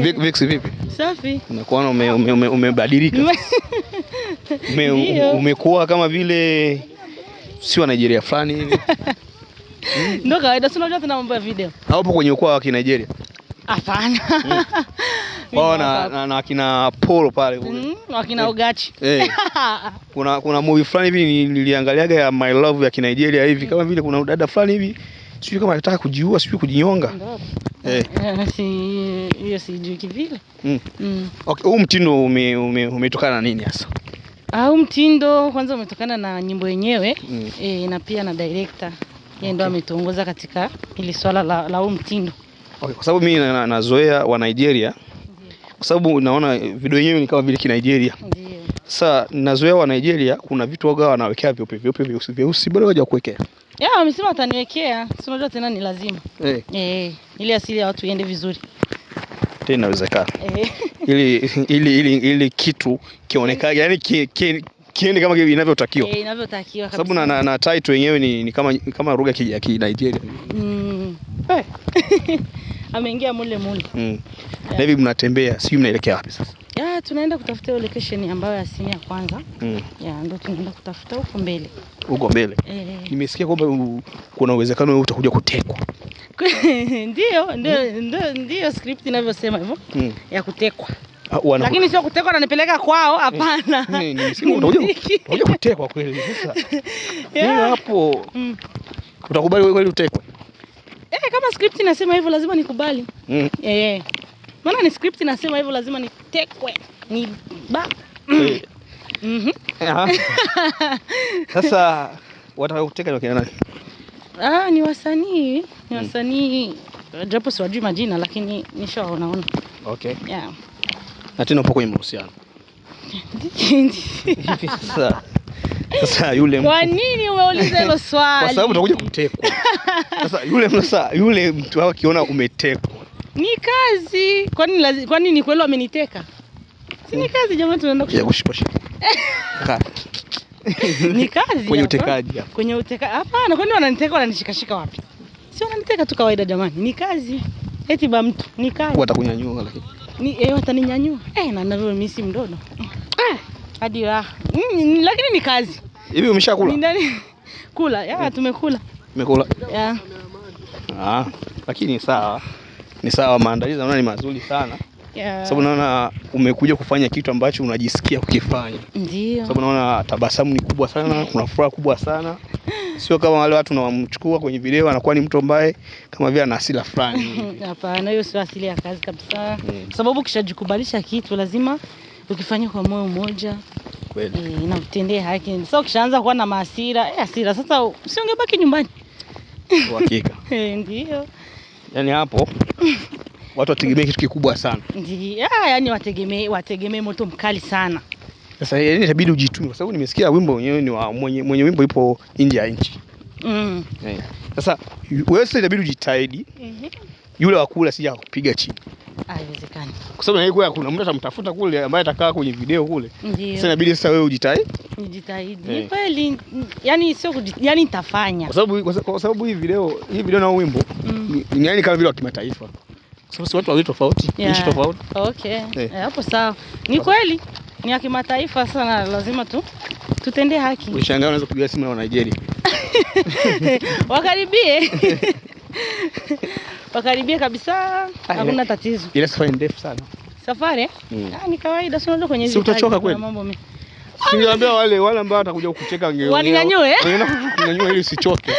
Vix vipi? Safi. Unakuona umebadilika. ume, ume, ume Umekuwa ume kama vile si wa Nigeria fulani hivi. mm. Ndio kawaida, si unajua tuna mambo ya video. Hapo kwenye ukoo wa Kinigeria. Hapana. Oh, na, na, na kina Polo pale mm, wakina eh. Ugachi eh. Kuna kuna movie fulani hivi niliangaliaga ya My Love ya Kinigeria hivi kama vile kuna dada fulani hivi sijui kama anataka kujiua sijui kujinyonga eh. Si hiyo sijui kivile. Mm. Mm. Okay, huu mtindo umetokana ume, ume na nini hasa? Ah, huu mtindo kwanza umetokana na nyimbo yenyewe mm. E, na pia na director yeye ndo ametuongoza katika ili swala la, la huu mtindo okay, kwa sababu mimi nazoea na, nazoea wa Nigeria kwa sababu naona video yenyewe ni kama vile ki Nigeria. Ndio. Sasa nazoea wa Nigeria kuna vitu waga wanawekea vyeupe vyeupe vyeusi vyeusi bado waja kuwekea. Ya wamesema wataniwekea, si unajua tena ni lazima. Eh. Hey. Eh, eh, hey, ili asili ya watu iende vizuri tena inawezekana eh. ili, ili, ili, ili kitu kionekane yani ki, ki, kiende kama inavyotakiwa e, inavyotakiwa kabisa, sababu na, na, na title yenyewe ni, ni kama kama lugha ya Kinigeria mm. hey. Eh. ameingia mule mule mm. yeah. na hivi mnatembea, sio mnaelekea wapi sasa? Ya, tunaenda kutafuta hiyo location ambayo ya simu ya kwanza mm. ya ndio tunaenda kutafuta huko mbele, huko mbele e. Nimesikia kwamba kuna uwezekano wewe utakuja kutekwa ndio hmm? ndio ndio script inavyosema hivyo hmm. ya kutekwa ah, lakini sio kutekwa ananipeleka kwao, hmm. hapana. Unajua kutekwa kweli sasa yeah. hapo utakubali kweli utekwe? Eh, kama script inasema hivyo lazima nikubali eh, eh, maana ni script inasema hivyo lazima nitekwe ni ba mhm Sasa watakuteka ni wakina nani? Ah, ni wasanii ni hmm. wasanii hmm. Japo siwajui majina lakini nishaonaona. Okay. Yeah. Na tena upo kwenye mahusiano sasa, sasa yule mtu... Kwa nini umeuliza hilo swali? Kwa sababu utakuja kutekwa. Sasa yule sasa yule mtu wao akiona umetekwa ni kazi. Kwa nini lazima, kwa nini kweli ameniteka? Si ni hmm. kazi jamani, tunaenda kushikwa. ni kazi kwenye utekaji, kwenye utekaji. Hapana, kwani wananiteka, wananishikashika wapi? Si wananiteka tu kawaida, jamani, ni kazi. Eti ba mtu ni kazi, watakunyanyua lakini ni eh, wataninyanyua eh, na na mimi si mdodo eh, hadi la mm, lakini ni kazi. Hivi umeshakula? Ni ndani kula? Ya, eh. tumekula tumekula ya. Ah, lakini sawa, ni sawa, maandalizi naona ni mazuri sana yeah. Sababu naona umekuja kufanya kitu ambacho unajisikia kukifanya, ndio sababu naona tabasamu ni kubwa sana, kuna furaha kubwa sana, sio kama wale watu nawamchukua kwenye video anakuwa ni mtu ambaye kama vile ana asili fulani. Hapana, hiyo sio asili ya kazi kabisa mm. Sababu ukishajikubalisha kitu lazima ukifanya kwa moyo mmoja kweli e, na utendee haki. Sasa ukishaanza kuwa na maasira eh, asira sasa, usiongebaki nyumbani. Hakika eh, ndio yani hapo watu wategemee kitu kikubwa sana. Ah, yani wategemee wategemee moto mkali sana. Sasa yani itabidi ujitume kwa sababu nimesikia wimbo wenyewe ni wa mwenye, mwenye wimbo ipo nje ya nchi. Mm. Yeah. Sasa wewe sasa itabidi ujitahidi. Mm -hmm. Yule wa kula sija kupiga chini. Haiwezekani. Kwa sababu naikuwa kuna mtu atamtafuta kule ambaye atakaa kwenye video kule. Ndiyo. Sasa inabidi sasa wewe ujitahidi. Nijitahidi. Yeah. Kweli yani sio yani nitafanya. Kwa sababu kwa sababu hii video hii video na wimbo mm. ni, ni yani kama vile wa kimataifa sababu watu wawili tofauti, yeah. nchi tofauti. Okay. Eh. Yeah, hapo sawa. Ni kweli. Ni ya kimataifa sana, lazima tu tutende haki. Ushangaa unaweza kupiga simu na Nigeria. Wakaribie. Wakaribie kabisa. Hakuna tatizo. Ile safari ndefu sana. Safari? Mm. Ah, ni kawaida, sio ndio kwenye hizo. Si utachoka kweli? Mambo mengi. Siniambia wale wale ambao watakuja kukucheka ngeo. Waninyanyue? Waninyanyue ili usichoke.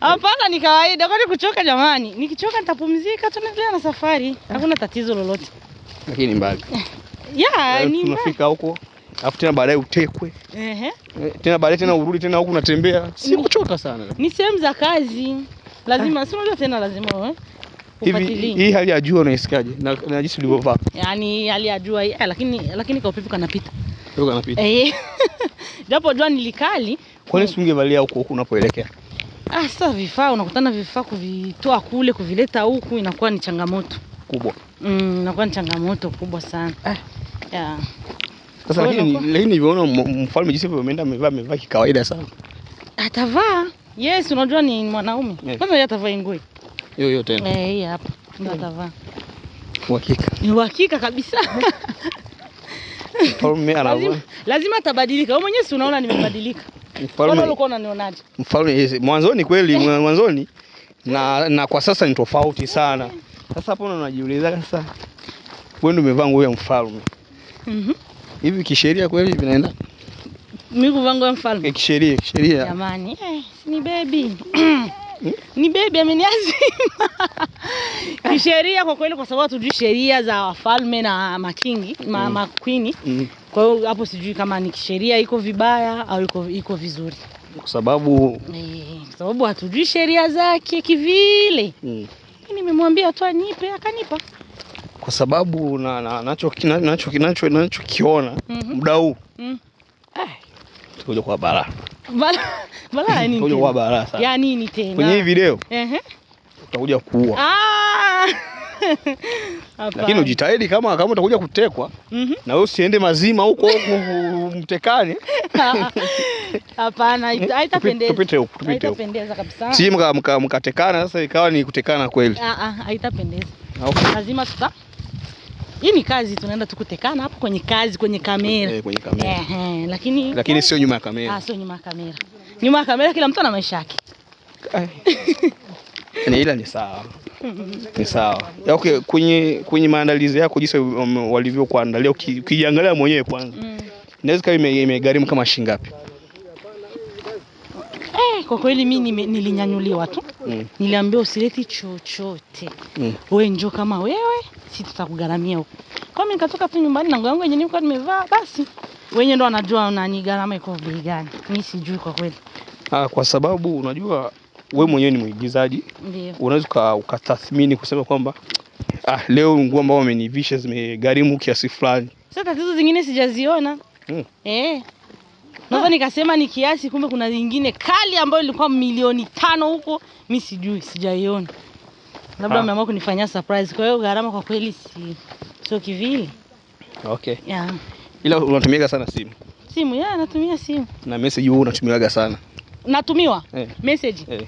Hapana, ni kawaida, kwani kuchoka jamani? Nikichoka nitapumzika, tunaendelea na safari, hakuna tatizo lolote. Lakini mbali ya ni tunafika huko afu tena baadaye utekwe Ehe. Eh, tena baadaye tena urudi tena huko, unatembea, si kuchoka sana, ni sehemu za kazi, lazima ah. si unajua tena, lazima wewe eh, Hivi hii hali ya jua unaisikaje na, na jinsi ulivyovaa? Yaani hali ya jua eh, lakini lakini kwa upepo kanapita. Upepo kanapita. Eh. Japo jua nilikali. Kwa nini usingevalia eh. huko huko unapoelekea? Ah, sasa vifaa unakutana vifaa kuvitoa kule kuvileta huku inakuwa ni changamoto kubwa. Mm, inakuwa ni changamoto kubwa sana. Eh. Yeah. Sasa lakini lakini nilivyoona mfalme jinsi ameenda amevaa amevaa kikawaida sana. Atavaa. Yes, unajua ni mwanaume. Kwanza yeye atavaa ingoi. Hiyo hiyo tena. Eh, hii hapa. Ndio atavaa. Uhakika. Ni uhakika kabisa. Mfalme anavaa. Lazima atabadilika. Wewe mwenyewe unaona nimebadilika. Mfalme, Ulikuwa unanionaje? mfalme eh, mwanzoni kweli mwanzoni na, na kwa sasa ni tofauti sana. Sasa hapo unajiuliza sasa, wewe ndio umevaa nguo ya mfalme Mhm. hivi Kisheria kweli vinaenda mimi kuvaa nguo ya mfalme eh, kisheria, kisheria jamani, eh, ni baby ni bebi ameniazima kisheria kwa kweli, kwa sababu hatujui sheria za wafalme na makingi ma, mm. makwini mm. kwa hiyo hapo sijui kama ni kisheria iko vibaya au iko, iko vizuri kwa sababu eh, kwa sababu hatujui sheria zake kivile mm. Nimemwambia tu anipe akanipa kwa sababu nachokiona na, na, nacho, nacho, nacho, nacho, nacho, nacho, mda mhm. huu mm kuja kwa bara. Bara bara balaa nini? Kuja kwa bara sasa. Ya nini tena? Kwenye hii video? Ehe. Utakuja kuua. Ah! Lakini ujitahidi kama kama utakuja kutekwa mm -hmm. na wewe usiende mazima huko mtekane. Hapana, haitapendeza. Tupite huko, tupite huko. Haitapendeza kabisa. Si mkatekana sasa ikawa ni kutekana kweli. Ah ah, haitapendeza. Ah, Lazima tuta hii ni kazi, tunaenda tukutekana hapo kwenye kazi, kwenye kamera eh, kwenye kamera eh, eh, lakini lakini sio nyuma ya kamera. Ah, sio nyuma ya kamera. Nyuma ya kamera kila mtu ana maisha yake. Eh. ni yaani ila ni sawa ni sawa. Okay, kwenye kwenye maandalizi yako jinsi um, walivyokuandalia ukijiangalia mwenyewe kwanza, mm. inaweza kama imegharimu kama shilingi ngapi? Kwa kweli mi nilinyanyuliwa tu mm. Niliambiwa usileti chochote mm. Wewe njoo kama wewe, si tutakugharamia huko. Kwa mimi nikatoka tu nyumbani na nguo yangu yenye nilikuwa nimevaa, basi wenye ndo wanajua nani gharama iko bei gani. Mimi sijui kwa kweli. Ah, kwa sababu unajua we mwenyewe ni mwigizaji, unaweza ukatathmini kusema kwamba ah, leo nguo ambao wamenivisha zimegharimu kiasi fulani. Sasa tatizo zingine sijaziona mm. eh sasa nikasema ni kiasi, kumbe kuna nyingine kali ambayo ilikuwa milioni tano huko, mi sijui, sijaiona, labda ah. ameamua kunifanyia surprise. Kwa hiyo gharama kwa kweli si sio kivili. Okay. Yeah. Ila unatumiaga sana simu? Simu, yeah, natumia simu. Na message huu unatumiaga sana? Natumiwa? Eh. Message. Eh.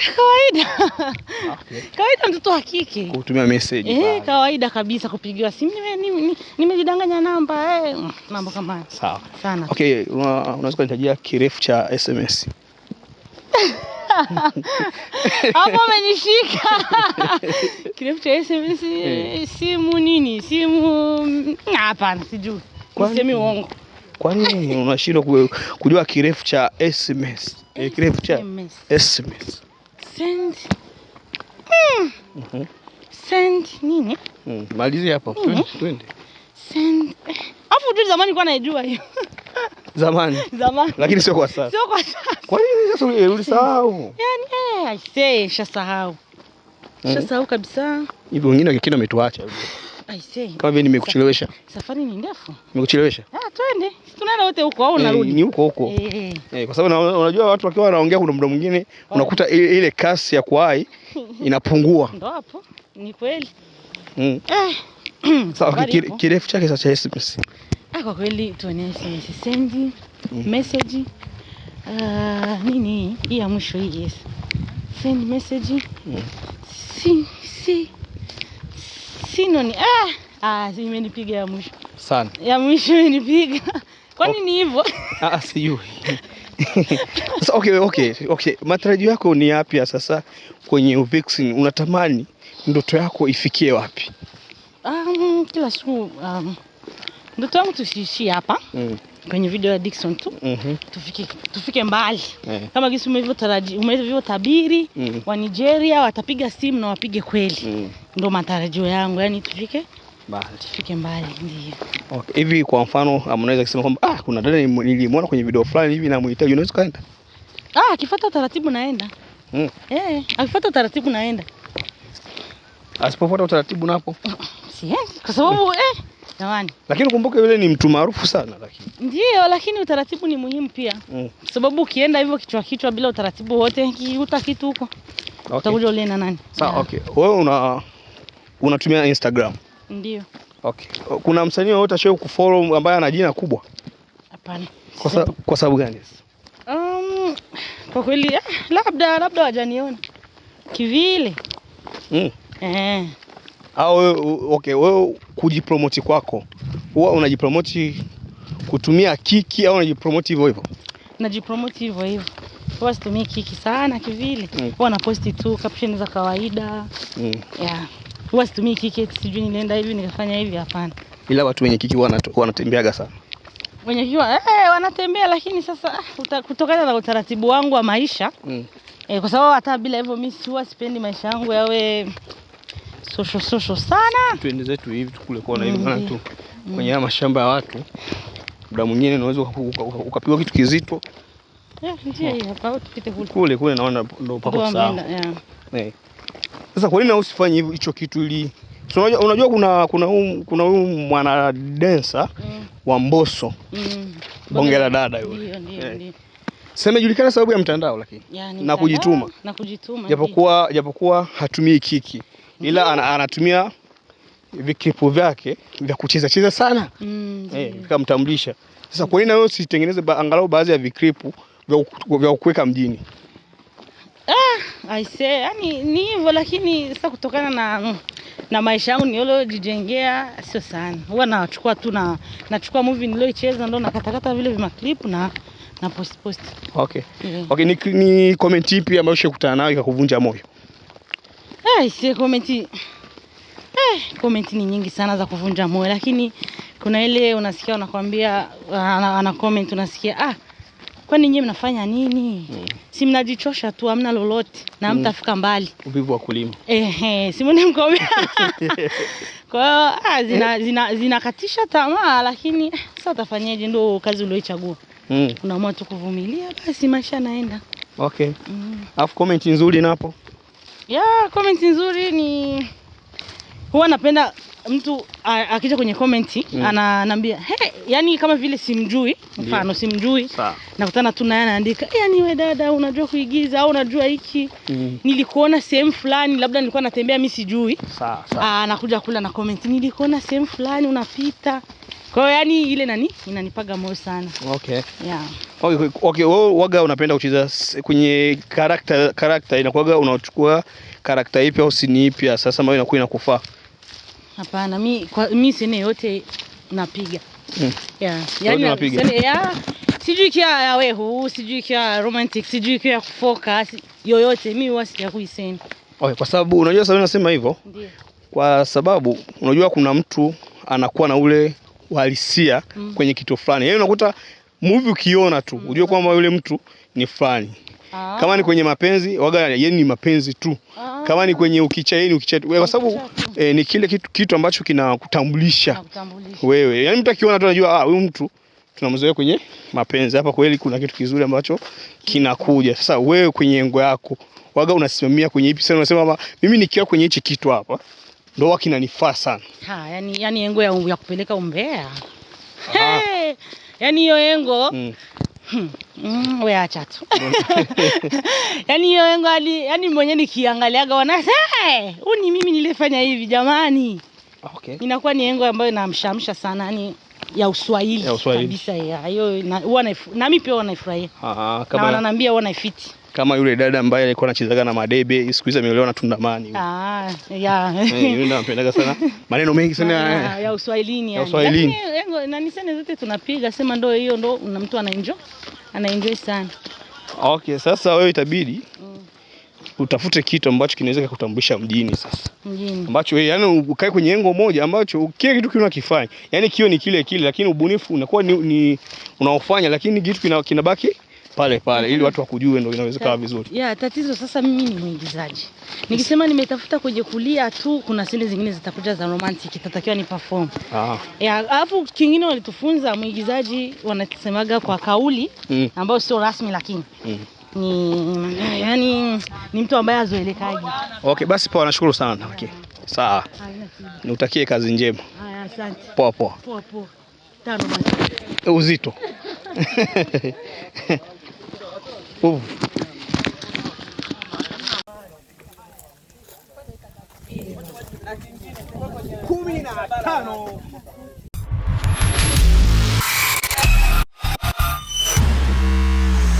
Kawaida ah, okay. Kawaida mtoto wa kike kutumia message eh, kawaida kabisa kupigiwa simu, nimejidanganya nime namba eh, mambo kama hayo. Sawa sana. Okay, unaweza una kunitajia kirefu cha SMS? Hapo amenishika. Kirefu cha SMS eh. eh, Simu nini? Simu mm, hapana, sijui. Nisemi uongo. Kwa nini unashindwa kujua kirefu cha SMS? Eh, kirefu cha SMS. SMS send hmm. mhm. send nini hmm, malizi hapo twende send afu tu zamani kwa naijua hiyo zamani zamani, lakini sio kwa sasa, sio kwa sasa. Kwa nini sasa ulisahau? Yani eh, aisee, shasahau hmm. shasahau kabisa. Hivi wengine wakikina umetuacha hivi Ah, Kavi, nimekuchelewesha. Safari ni ndefu. Nimekuchelewesha? Ah, twende. Tunaenda wote huko au eh, unarudi? Ni huko huko. Eh, eh. eh kwa sababu unajua watu wakiwa wanaongea kuna muda mwingine oh. unakuta ile kasi ya kuai inapungua. Ndio hapo. Ni kweli. Mm. Eh. Sawa, kirefu chake sasa cha SMS. Ah, kwa kweli tuone SMS send mm. message. Ah, nini hii ya mwisho hii yes. Send message. Mm. Si si Sino ni eh, ah ah, imenipiga ya mwisho sana, ya mwisho imenipiga. Kwani oh, ni hivyo? Ah, ah sijui so, okay, okay, okay. Matarajio yako ni yapi sasa kwenye Uvixen? Unatamani ndoto yako ifikie wapi? Um, kila siku um, ndoto yangu tusiishie hapa mm kwenye video ya Dickson tu mm -hmm. tufike, tufike mbali yeah. kama gisi umevyotabiri mm -hmm. wa Nigeria watapiga simu na wapige kweli mm ndio matarajio yangu, yani tufike mbali, tufike mbali ndio. Okay. Hivi kwa mfano ah, mnaweza kusema kwamba ah, kuna dada nilimwona kwenye video fulani hivi namhitaji, unaweza kaenda? Ah, akifuata taratibu naenda mm. Eh, akifuata taratibu naenda, asipofuata utaratibu napo siendi kwa sababu eh Jamani. Lakini kumbuke yule ni mtu maarufu sana lakini. Ndio, lakini utaratibu ni muhimu pia. Mm. Sababu ukienda hivyo kichwa kichwa bila utaratibu wote uta kitu huko. Okay. Utakuja ule na nani? Sawa, yeah. Okay. Wewe una unatumia Instagram? Ndio. Okay. Kuna msanii wote ashaye kufollow ambaye ana jina kubwa? Hapana. Kwa, sa, kwa sababu gani Um, kwa kweli ah, labda labda wajaniona kivile. Mm. Eh au okay, wewe kujipromoti kwako huwa unajipromoti kutumia kiki au unajipromoti hivyo hivyo? Najipromoti hivyo hivyo, huwa situmii kiki sana kivile, mm. huwa naposti tu caption za kawaida mm. yeah. huwa situmii kiki, sijui nilienda hivi nikafanya hivi, hapana. Ila watu wenye kiki wanatembeaga sana wenye kiki eh, wanatembea, lakini sasa ah, uta, kutokana na utaratibu wangu wa maisha mm. eh, kwa sababu hata bila hivyo mimi huwa sipendi maisha yangu yawe sosho sosho sana. Tuende zetu hivi tukule kwa hivi mm. maana tu kwenye haya mashamba ya watu muda mwingine unaweza ukapigwa kitu kizito. kule. Kule naona ndo pako sawa. Eh. Sasa kwa nini usifanye hivyo hicho kitu ili so, unajua, kuna kuna huyu kuna huyu mwana densa mm. wa Mbosso mm. bonge la dada yule. Ndio eh. julikana sababu ya mtandao lakini yani, na kujituma na kujituma, japokuwa japokuwa hatumii kiki ila ana, anatumia vikipu vyake vya kucheza cheza sana mm, eh, vikamtambulisha. Sasa kwa nini wewe usitengeneze ba, angalau baadhi ya vikripu vya kuweka mjini? Ah, I say, yani ni hivyo, lakini sasa kutokana na na maisha yangu niliyojijengea sio sana, huwa nachukua tu na nachukua movie niliyoicheza ndo nakatakata vile clip na na post post. Okay. Yeah. Okay, ni, ni comment ipi ambayo ushakutana nayo ikakuvunja moyo? Aise, komenti eh, komenti eh, ni nyingi sana za kuvunja moyo, lakini kuna ile unasikia unakwambia ana, ana comment unasikia ah, kwani nyinyi mnafanya nini? mm. si mnajichosha tu, hamna lolote na mtafika mm. mbali. Ubivu wa kulima eh, eh, si mwende mkombe kwa hiyo ah, zina, zina, zinakatisha tamaa, lakini sasa utafanyaje? Ndio kazi uliochagua? mm. unaamua tu kuvumilia, basi maisha naenda. Okay. Mm. Afu comment nzuri napo ya comment nzuri ni huwa napenda mtu akija kwenye comment mm. ananiambia hey, yani kama vile simjui, mfano simjui, nakutana tu naye anaandika, eh, yani we dada, unajua kuigiza au unajua hiki mm. nilikuona sehemu fulani, labda nilikuwa natembea mimi sijui, anakuja kula na comment, nilikuona sehemu fulani unapita kwa hiyo yani ile nani inanipaga moyo sana. Okay. Yeah. Okay, okay, wewe waga unapenda kucheza kwenye character character inakuwaga unachukua character ipi au sini ipi sasa ambayo inakuwa inakufaa? Hapana, mi kwa, mi sini yote napiga. Mm. Yeah. Yani napiga. Sene, yeah. Sijui kia ya wehu, sijui kia romantic, sijui kia kufoka, yoyote mi huwa sijakui sini. Okay, kwa sababu unajua sababu nasema hivyo? Ndio. Kwa sababu unajua kuna mtu anakuwa na ule uhalisia mm. kwenye kitu fulani. Yaani unakuta movie ukiona tu mm. ujue kwamba yule mtu ni fulani. Ah. Kama ni kwenye mapenzi waga yeye ni mapenzi tu. Ah. Kama ni kwenye ukicha yeye ni ukicha. Kwa sababu e, ni kile kitu, kitu ambacho kinakutambulisha wewe. Yani mtu akiona tu anajua ah huyu mtu tunamzoea kwenye mapenzi. Hapa kweli kuna kitu kizuri ambacho kinakuja. Sasa wewe kwenye engo yako waga unasimamia kwenye ipi Sasa unasema mimi nikiwa kwenye hichi kitu hapa ndo na kinanifaa sana. Ha, yani, yani engo ya, ya kupeleka umbea hey, yani hiyo engo mm. Mm, hmm, we acha tu yani hiyo engo ali, yani mwenye nikiangaliaga wanasa huu ni mimi nilifanya hivi jamani. Okay. Inakuwa ni engo ambayo inamshamsha sana yani ya Uswahili, ya Uswahili kabisa, hiyo na, na mimi pia huwa naifurahia na wananiambia huwa naifiti kama yule dada ambaye alikuwa anachezaga na madebe, siku hizi ameolewa na Tundamani. Ah, yeah. Eh, sana maneno mengi sana ah, ya, ya Uswahilini ya Uswahilini. Lengo yaani, eh, na ni sana zote tunapiga sema, ndio hiyo ndio mtu ana enjoy ana enjoy sana. Okay, sasa wewe itabidi mm. utafute kitu ambacho kinaweza kukutambulisha mjini sasa. Mjini. Ambacho wewe yani ukae kwenye engo moja ambacho kile kitu kinakifanya. Yaani kio ni kile kile lakini ubunifu unakuwa ni, ni unaofanya lakini kitu kinabaki kina pale pale ili mhm. watu wakujue, ndio inawezekana vizuri. Yeah, tatizo sasa mimi ni mwigizaji. Nikisema nimetafuta kwenye kulia tu, kuna sini zingine zitakuja za romantic, itatakiwa ni perform. Ah. Yeah, alafu kingine walitufunza mwigizaji, wanasemaga kwa kauli mm. ambayo sio rasmi lakini mm ni yani ni mtu ambaye azoelekaji. Okay, basi poa, nashukuru sana. Okay. Sawa. Nikutakie kazi njema. Haya, asante. Poa poa. Poa poa. Tano Uzito. Oh. Kumi na tano.